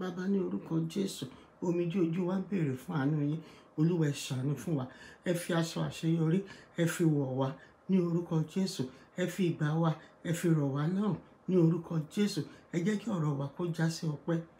bàbá ní orúkọ jésù omijé ojú wa ń béèrè fún àánú yín olúwa ẹ ṣàánú fún wa ẹ fi aṣọ àṣeyọrí ẹ fi wọ̀ wá ní orúkọ jésù ẹ fi ìgbà wa ẹ fi rọ̀ wá náà ní orúkọ jésù ẹ jẹ́ kí ọ̀rọ̀ wa kó já sí ọpẹ́